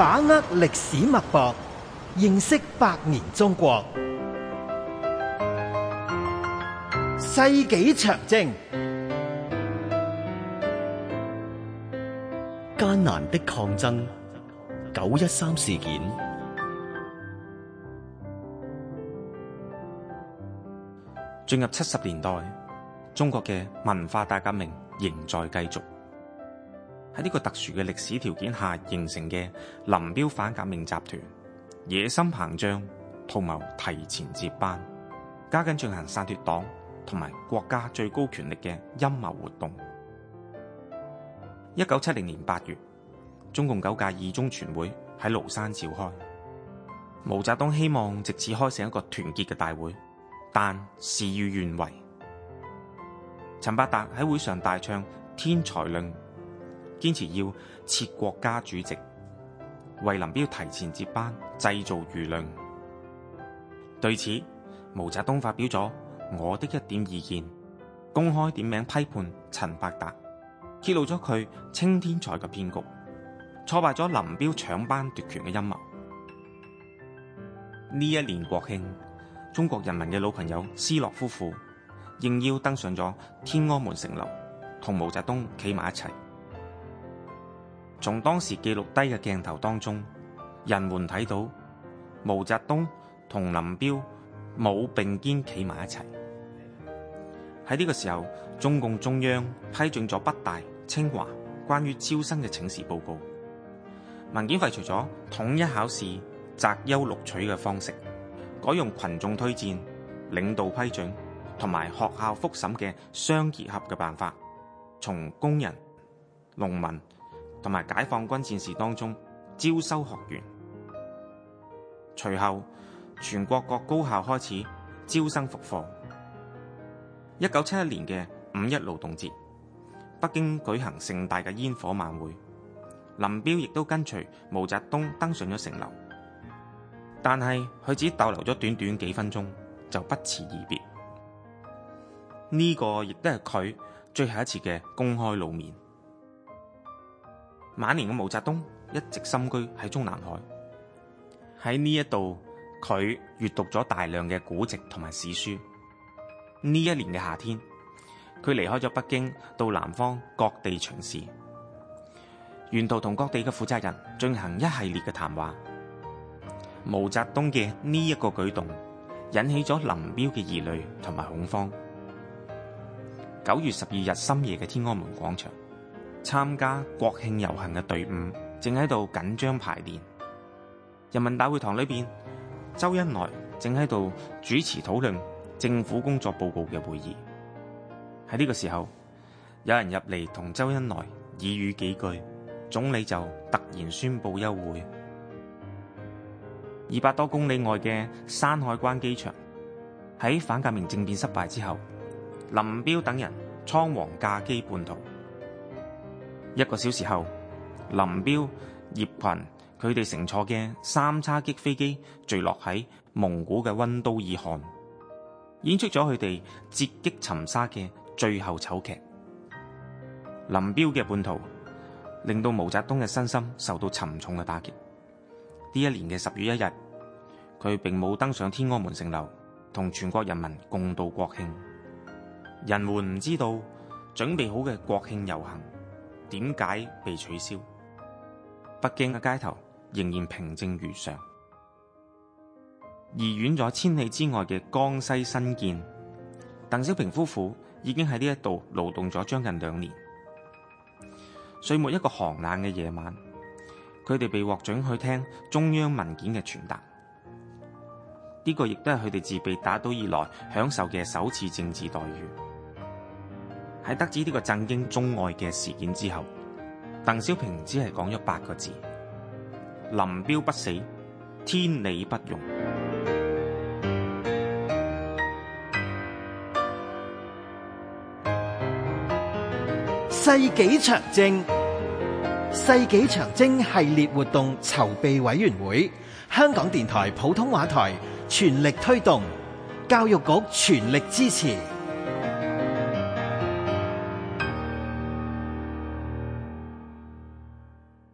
把握歷史脈搏，認識百年中國。世紀長征，艱難的抗爭。九一三事件。進入七十年代，中國嘅文化大革命仍在繼續。喺呢個特殊嘅歷史條件下形成嘅林彪反革命集團，野心膨脹，圖謀提前接班，加緊進行篡奪黨同埋國家最高權力嘅陰謀活動。一九七零年八月，中共九屆二中全會喺廬山召開，毛澤東希望藉此開成一個團結嘅大會，但事與願違。陳伯達喺會上大唱天才論。堅持要設國家主席，為林彪提前接班製造輿論。對此，毛澤東發表咗我的一點意見，公開點名批判陳伯達，揭露咗佢青天才嘅騙局，挫敗咗林彪搶班奪權嘅陰謀。呢一年國慶，中國人民嘅老朋友斯諾夫婦應邀登上咗天安門城樓，同毛澤東企埋一齊。從當時記錄低嘅鏡頭當中，人們睇到毛澤東同林彪冇並肩企埋一齊。喺呢個時候，中共中央批准咗北大、清華關於招生嘅請示報告，文件廢除咗統一考試擇優錄取嘅方式，改用群眾推薦、領導批准同埋學校複審嘅相結合嘅辦法，從工人、農民，同埋解放軍戰士當中招收學員，隨後全國各高校開始招生復課。一九七一年嘅五一勞動節，北京舉行盛大嘅煙火晚會，林彪亦都跟隨毛澤東登上咗城樓，但係佢只逗留咗短短幾分鐘就不辭而別，呢、這個亦都係佢最後一次嘅公開露面。晚年嘅毛澤東一直深居喺中南海，喺呢一度，佢閱讀咗大量嘅古籍同埋史書。呢一年嘅夏天，佢離開咗北京到南方各地巡視，沿途同各地嘅負責人進行一系列嘅談話。毛澤東嘅呢一個舉動引起咗林彪嘅疑慮同埋恐慌。九月十二日深夜嘅天安門廣場。參加國慶遊行嘅隊伍正喺度緊張排練。人民大會堂裏面，周恩來正喺度主持討論政府工作報告嘅會議。喺呢個時候，有人入嚟同周恩來耳語幾句，總理就突然宣布休會。二百多公里外嘅山海關機場，喺反革命政變失敗之後，林彪等人倉皇駕機叛逃。一個小時後，林彪、葉群佢哋乘坐嘅三叉戟飛機墜落喺蒙古嘅溫都爾汗，演出咗佢哋折戟沉沙嘅最後醜劇。林彪嘅叛徒令到毛澤東嘅身心受到沉重嘅打擊。呢一年嘅十月一日，佢並冇登上天安門城樓，同全國人民共度國慶。人們唔知道準備好嘅國慶遊行。點解被取消？北京嘅街頭仍然平靜如常，而遠在千里之外嘅江西新建，鄧小平夫婦已經喺呢一度勞動咗將近兩年。歲末一個寒冷嘅夜晚，佢哋被獲准去聽中央文件嘅傳達，呢個亦都係佢哋自被打倒以來享受嘅首次政治待遇。喺得知呢個震驚中外嘅事件之後，鄧小平只係講咗八個字：林彪不死，天理不容。世紀長征，世紀長征系列活動籌備委員會，香港電台普通話台全力推動，教育局全力支持。